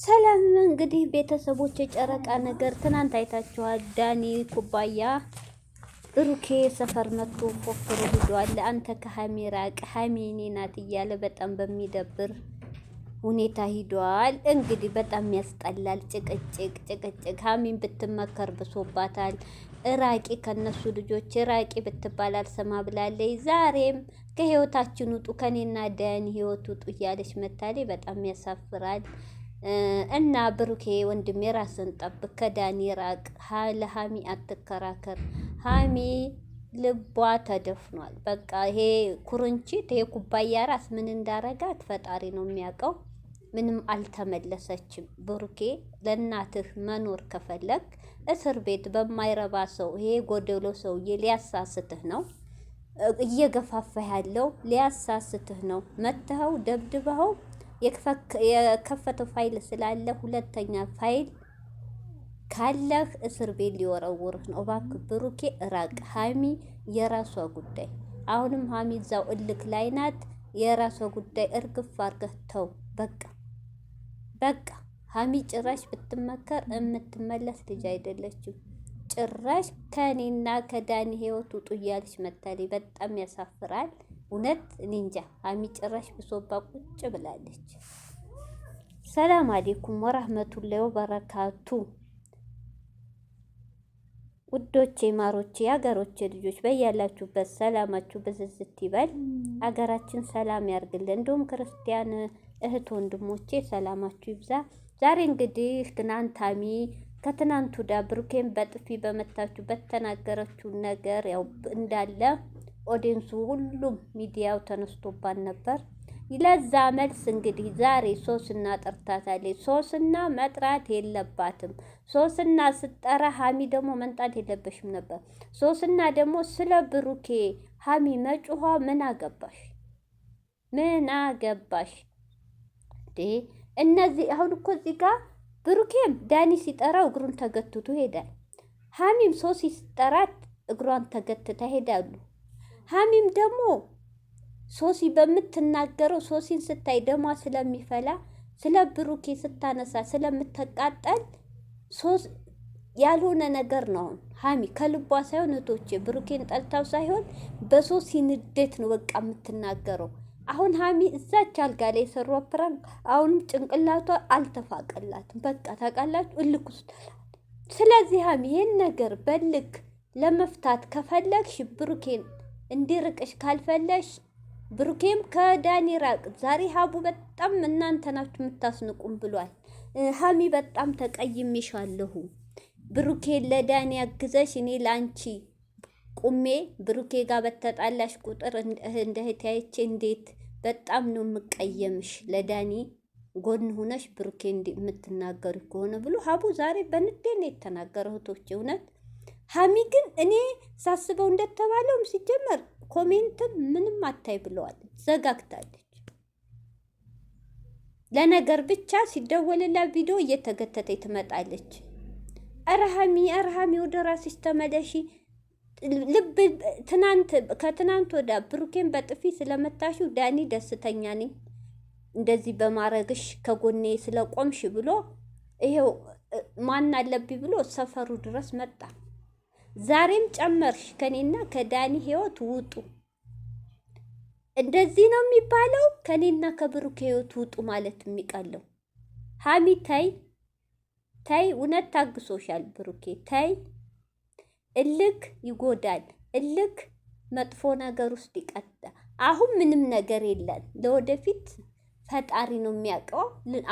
ሰላም እንግዲህ ቤተሰቦች የጨረቃ ነገር ትናንት አይታችኋል። ዳኒ ኩባያ ብሩኬ ሰፈር መቶ ፎክሮ ሂዷል። አንተ ከሀሚ ራቅ ሀሚ እኔ ናት እያለ በጣም በሚደብር ሁኔታ ሂዷል። እንግዲህ በጣም ያስጠላል። ጭቅጭቅ ጭቅጭቅ። ሀሚን ብትመከር ብሶባታል። እራቂ ከነሱ ልጆች እራቂ ብትባል አልሰማ ብላለች። ዛሬም ከህይወታችን ውጡ ከኔና ዳኒ ህይወት ውጡ እያለች መታለች። በጣም ያሳፍራል። እና ብሩኬ ወንድሜ ራስን ጠብቅ፣ ከዳኒ ራቅ፣ ለሀሚ አትከራከር። ሀሚ ልቧ ተደፍኗል። በቃ ይሄ ኩርንችት ይሄ ኩባያ ራስ ምን እንዳረጋት ፈጣሪ ነው የሚያውቀው። ምንም አልተመለሰችም። ብሩኬ ለእናትህ መኖር ከፈለግ እስር ቤት በማይረባ ሰው ይሄ ጎደሎ ሰውዬ ሊያሳስትህ ነው እየገፋፋህ ያለው ሊያሳስትህ ነው። መተኸው ደብድበኸው የከፈተው ፋይል ስላለ ሁለተኛ ፋይል ካለህ እስር ቤት ሊወረውርህ ነው። እባክህ ብሩኬ ራቅ። ሀሚ የራሷ ጉዳይ። አሁንም ሀሚ እዛው እልክ ላይ ናት። የራሷ ጉዳይ እርግፍ አርገህ ተው። በቃ በቃ። ሀሚ ጭራሽ ብትመከር የምትመለስ ልጅ አይደለችም። ጭራሽ ከእኔና ከዳኒ ህይወት ውጡ እያለች መታለች። በጣም ያሳፍራል። እውነት እኔ እንጃ ሀሚ ጭራሽ ብሶባ ቁጭ ብላለች። ሰላም አሌኩም ወራህመቱላሂ ወበረካቱ ውዶቼ ማሮቼ የሀገሮቼ ልጆች በያላችሁበት ሰላማችሁ ብዝዝት ይበል። ሀገራችን ሰላም ያርግልን። እንዲሁም ክርስቲያን እህት ወንድሞቼ ሰላማችሁ ይብዛ። ዛሬ እንግዲህ ትናንት ሀሚ ከትናንቱ ዳ ብሩኬን በጥፊ በመታችሁ በተናገረችው ነገር ያው እንዳለ ኦዲንሱ ሁሉም ሚዲያው ተነስቶባት ነበር። ለዛ መልስ እንግዲህ ዛሬ ሶስና ጠርታታለች። ሶስና መጥራት የለባትም። ሶስና ስጠራ ሀሚ ደግሞ መንጣት የለበሽም ነበር። ሶስና ደግሞ ስለ ብሩኬ ሀሚ መጮኋ ምን አገባሽ? ምን አገባሽ? እነዚህ አሁን እኮ እዚህ ጋር ብሩኬም ዳኒ ሲጠራው እግሩን ተገትቶ ሄዳል። ሀሚም ሶሲ ሲጠራት እግሯን ተገትታ ሄዳሉ። ሀሚም ደግሞ ሶሲ በምትናገረው ሶሲን ስታይ ደሟ ስለሚፈላ ስለ ብሩኬ ስታነሳ ስለምትቃጠል ሶስ ያልሆነ ነገር ነው። ሀሚ ከልቧ ሳይሆን እህቶቼ ብሩኬን ጠልታው ሳይሆን በሶሲ ንዴት ነው በቃ የምትናገረው። አሁን ሀሚ እዛች አልጋ ላይ የሰሩ ፕራንክ አሁንም ጭንቅላቷ አልተፋቀላትም። በቃ ታውቃላችሁ፣ እልክ ውስጥ ስለዚህ ሀሚ ይህን ነገር በልክ ለመፍታት ከፈለግሽ ብሩኬን እንዲርቅሽ ካልፈለሽ ብሩኬም ከዳኒ ራቅ። ዛሬ ሀቡ በጣም እናንተ ናችሁ የምታስንቁም ብሏል። ሀሚ በጣም ተቀይሜሻለሁ። ብሩኬ ለዳኒ ያግዘሽ፣ እኔ ለአንቺ ቁሜ ብሩኬ ጋር በተጣላሽ ቁጥር እንደ እንዴት በጣም ነው የምቀየምሽ። ለዳኒ ጎን ሁነሽ ብሩኬ የምትናገሩ ከሆነ ብሎ ሀቡ ዛሬ በንዴ ነው የተናገረ። እህቶች እውነት ሀሚ ግን እኔ ሳስበው እንደተባለውም ሲጀመር ኮሜንትም ምንም አታይ ብለዋል ዘጋግታለች። ለነገር ብቻ ሲደወልላ ቪዲዮ እየተገተተ ትመጣለች። አርሃሚ አርሃሚ ወደ ራስሽ ተመለሺ። ልብ ትናንት ከትናንት ወደ ብሩኬን በጥፊ ስለመታሽው ዳኒ ደስተኛ ነኝ እንደዚህ በማረግሽ ከጎኔ ስለቆምሽ ብሎ ይሄው ማን አለብኝ ብሎ ሰፈሩ ድረስ መጣ። ዛሬም ጨመርሽ። ከኔና ከዳኒ ህይወት ውጡ። እንደዚህ ነው የሚባለው። ከኔና ከብሩክ ህይወት ውጡ ማለት የሚቀለው። ሀሚ ተይ ተይ፣ እውነት ታግሶሻል ብሩኬ ተይ። እልክ ይጎዳል። እልክ መጥፎ ነገር ውስጥ ይቀጣ። አሁን ምንም ነገር የለን። ለወደፊት ፈጣሪ ነው የሚያውቀው።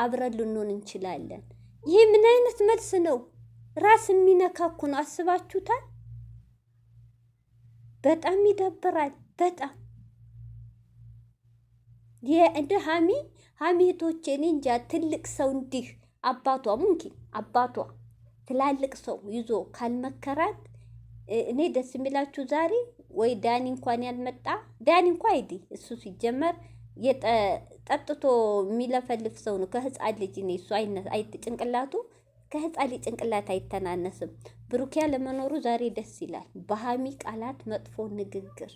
አብረን ልንሆን እንችላለን። ይሄ ምን አይነት መልስ ነው? ራስ የሚነካኩ ነው። አስባችሁታል? በጣም ይደብራል። በጣም የእንደ ሀሚ ሀሚቶቼ እኔ እንጃ ትልቅ ሰው እንዲህ አባቷ ሙንኪ አባቷ ትላልቅ ሰው ይዞ ካልመከራት እኔ ደስ የሚላችሁ ዛሬ ወይ ዳኒ እንኳን ያልመጣ ዳኒ እንኳ አይዲ እሱ ሲጀመር ጠጥቶ የሚለፈልፍ ሰው ነው። ከህፃን ልጅ እሱ አይነት አይት ጭንቅላቱ ከህፃን ልጅ ጭንቅላት አይተናነስም። ብሩኪያ ለመኖሩ ዛሬ ደስ ይላል። በሀሚ ቃላት፣ መጥፎ ንግግር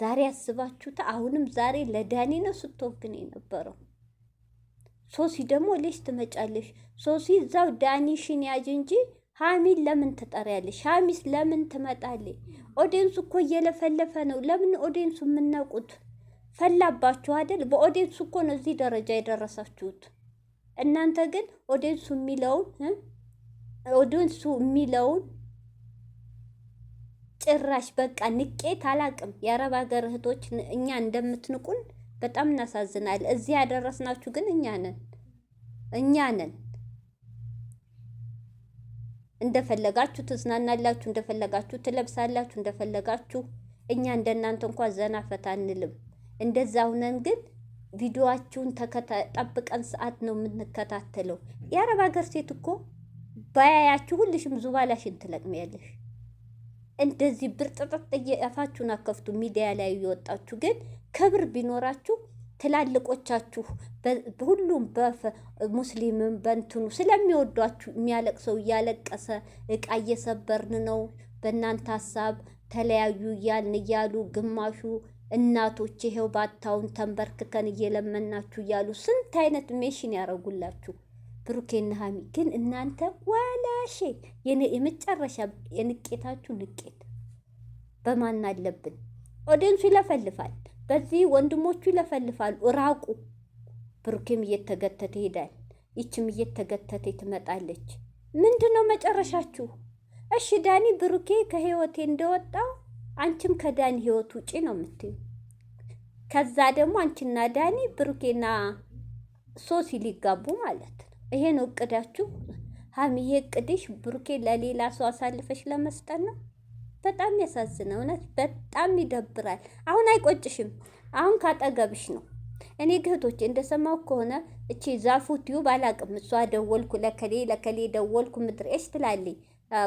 ዛሬ አስባችሁት አሁንም ዛሬ ለዳኒ ነው ስትወግን የነበረው። ሶሲ ደግሞ ልጅ ትመጫለሽ። ሶሲ እዛው ዳኒሽን ያጅ እንጂ ሀሚን ለምን ትጠሪያለሽ? ሀሚስ ለምን ትመጣለች? ኦዴንሱ እኮ እየለፈለፈ ነው። ለምን ኦዴንሱ የምናውቁት ፈላባችሁ አይደል? በኦዴንሱ እኮ ነው እዚህ ደረጃ የደረሳችሁት። እናንተ ግን ኦዲንሱ የሚለውን ኦዲንሱ የሚለውን ጭራሽ በቃ ንቄት አላቅም። የአረብ ሀገር እህቶች እኛ እንደምትንቁን በጣም እናሳዝናል። እዚህ ያደረስናችሁ ግን እኛ ነን እኛ ነን። እንደፈለጋችሁ ትዝናናላችሁ፣ እንደፈለጋችሁ ትለብሳላችሁ፣ እንደፈለጋችሁ እኛ እንደናንተ እንኳን ዘና ፈታ አንልም። እንደዛ ሁነን ግን ቪዲዮአችሁን ጠብቀን ሰዓት ነው የምንከታተለው። የአረብ ሀገር ሴት እኮ ባያያችሁ ሁልሽም ዙባላሽን ትለቅሚያለሽ። እንደዚህ ብርጥጥጥ እየአፋችሁን አከፍቱ። ሚዲያ ላይ እየወጣችሁ ግን ክብር ቢኖራችሁ ትላልቆቻችሁ ሁሉም በሙስሊምም በንትኑ ስለሚወዷችሁ የሚያለቅሰው እያለቀሰ እቃ እየሰበርን ነው በእናንተ ሀሳብ ተለያዩ እያልን እያሉ ግማሹ እናቶች ይሄው ባታውን ተንበርክከን እየለመናችሁ እያሉ ስንት አይነት ሜሽን ያደረጉላችሁ። ብሩኬና ሀሚ ግን እናንተ ዋላሼ የመጨረሻ የንቄታችሁ ንቄት በማን አለብን። ኦዲንሱ ይለፈልፋል፣ በዚህ ወንድሞቹ ይለፈልፋሉ። ራቁ። ብሩኬም እየተገተተ ይሄዳል፣ ይችም እየተገተተ ትመጣለች። ምንድን ነው መጨረሻችሁ? እሺ ዳኒ ብሩኬ ከህይወቴ እንደወጣው አንቺም ከዳኒ ህይወት ውጪ ነው የምትዩ። ከዛ ደግሞ አንቺና ዳኒ ብሩኬና ሶሲ ሊጋቡ ማለት ነው። ይሄን እቅዳችሁ ሀሚ፣ ይሄ እቅድሽ ብሩኬ ለሌላ ሰው አሳልፈሽ ለመስጠት ነው። በጣም ያሳዝነ እውነት፣ በጣም ይደብራል። አሁን አይቆጭሽም? አሁን ካጠገብሽ ነው። እኔ ግህቶቼ እንደሰማው ከሆነ እቺ ዛፉ ትዩ ባላቅም እሷ ደወልኩ ለከሌ ለከሌ ደወልኩ ምድር ሽ ትላለኝ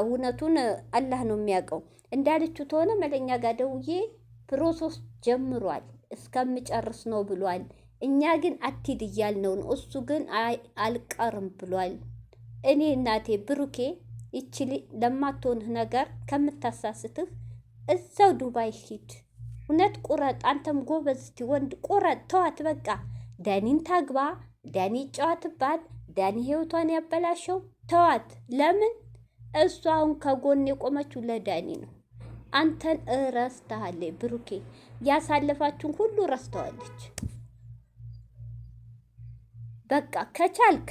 እውነቱን አላህ ነው የሚያውቀው። እንዳለችው ተሆነ መለኛ ጋር ደውዬ ፕሮሰስ ጀምሯል እስከምጨርስ ነው ብሏል። እኛ ግን አትሂድ እያልነው ነው። እሱ ግን አልቀርም ብሏል። እኔ እናቴ ብሩኬ ይችል ለማትሆንህ ነገር ከምታሳስትህ እዛው ዱባይ ሂድ። እውነት ቁረጥ። አንተም ጎበዝቲ ወንድ ቁረጥ። ተዋት በቃ። ዳኒን ታግባ፣ ዳኒ ይጫወትባት፣ ዳኒ ህይወቷን ያበላሸው። ተዋት ለምን እሷ አሁን ከጎን የቆመችው ለዳኒ ነው። አንተን እረስተሃለች ብሩኬ፣ ያሳለፋችሁን ሁሉ ረስተዋለች። በቃ ከቻልክ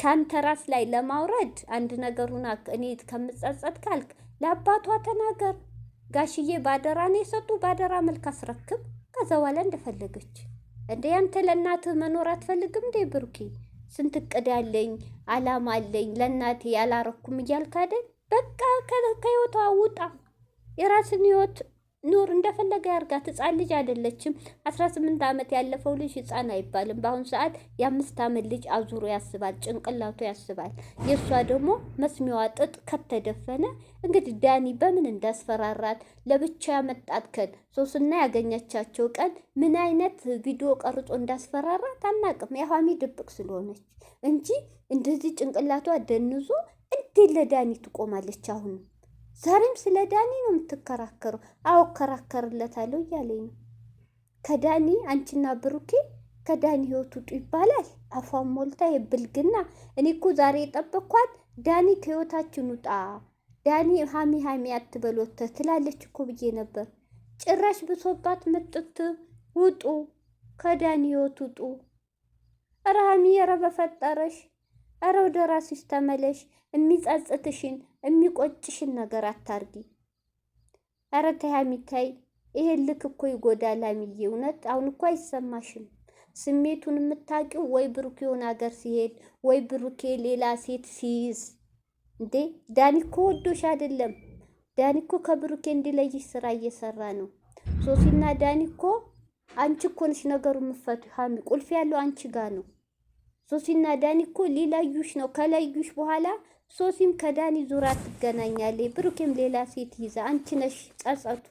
ከአንተ ራስ ላይ ለማውረድ አንድ ነገሩን እኔ ከምጸጸት ካልክ ለአባቷ ተናገር። ጋሽዬ ባደራ ነው የሰጡ፣ ባደራ መልክ አስረክብ። ከዛ በኋላ እንደፈለገች እንደ ያንተ ለእናትህ መኖር አትፈልግም እንዴ ብሩኬ? ስንት እቅድ አለኝ አላማ አለኝ ለእናቴ ያላረኩም እያልክ በቃ ከህይወቷ ውጣ የራስን ህይወት ኑር እንደፈለገ ያርጋት። ህፃን ልጅ አይደለችም። አስራ ስምንት ዓመት ያለፈው ልጅ ህፃን አይባልም። በአሁኑ ሰዓት የአምስት ዓመት ልጅ አዙሮ ያስባል፣ ጭንቅላቱ ያስባል። የእሷ ደግሞ መስሚዋ ጥጥ ከተደፈነ እንግዲህ ዳኒ በምን እንዳስፈራራት ለብቻ ያመጣት ከን ሶስና ያገኘቻቸው ቀን ምን አይነት ቪዲዮ ቀርጾ እንዳስፈራራት አናቅም። የሀሚ ድብቅ ስለሆነች እንጂ እንደዚህ ጭንቅላቷ ደንዞ እንዴ ለዳኒ ትቆማለች አሁን ዛሬም ስለ ዳኒ ነው የምትከራከረው? አዎ እከራከርለታለሁ እያለኝ ነው። ከዳኒ አንቺና ብሩኬ ከዳኒ ህይወት ውጡ ይባላል። አፏን ሞልታ የብልግና። እኔ እኮ ዛሬ የጠበኳት ዳኒ ከህይወታችን ውጣ፣ ዳኒ ሀሚ ሀሚ አትበሎተ ትላለች እኮ ብዬ ነበር። ጭራሽ ብሶባት መጥት ውጡ፣ ከዳኒ ህይወት ውጡ። ኧረ ሀሚ ኧረ ወደ ራስሽ ተመለሽ። የሚጸጽትሽን የሚቆጭሽን ነገር አታርጊ። ኧረ ተይ ሀሚታይ፣ ይሄን ልክ እኮ ይጎዳል ሀሚዬ። እውነት አሁን እኮ አይሰማሽም ስሜቱን የምታውቂው ወይ ብሩኬ የሆነ ሀገር ሲሄድ ወይ ብሩኬ ሌላ ሴት ሲይዝ እንዴ። ዳኒ እኮ ወዶሽ አይደለም። ዳኒ እኮ ከብሩኬ እንዲለይሽ ስራ እየሰራ ነው። ሶሲና ዳኒ እኮ አንቺ እኮ ነሽ ነገሩ የምፈቱ ሀሚ፣ ቁልፍ ያለው አንቺ ጋ ነው። ሶሲና ዳኒ እኮ ሊለዩሽ ነው። ከለዩሽ በኋላ ሶሲም ከዳኒ ዙራ ትገናኛለች። ብሩኬም ሌላ ሴት ይዛ አንቺ ነሽ ጸጸቱ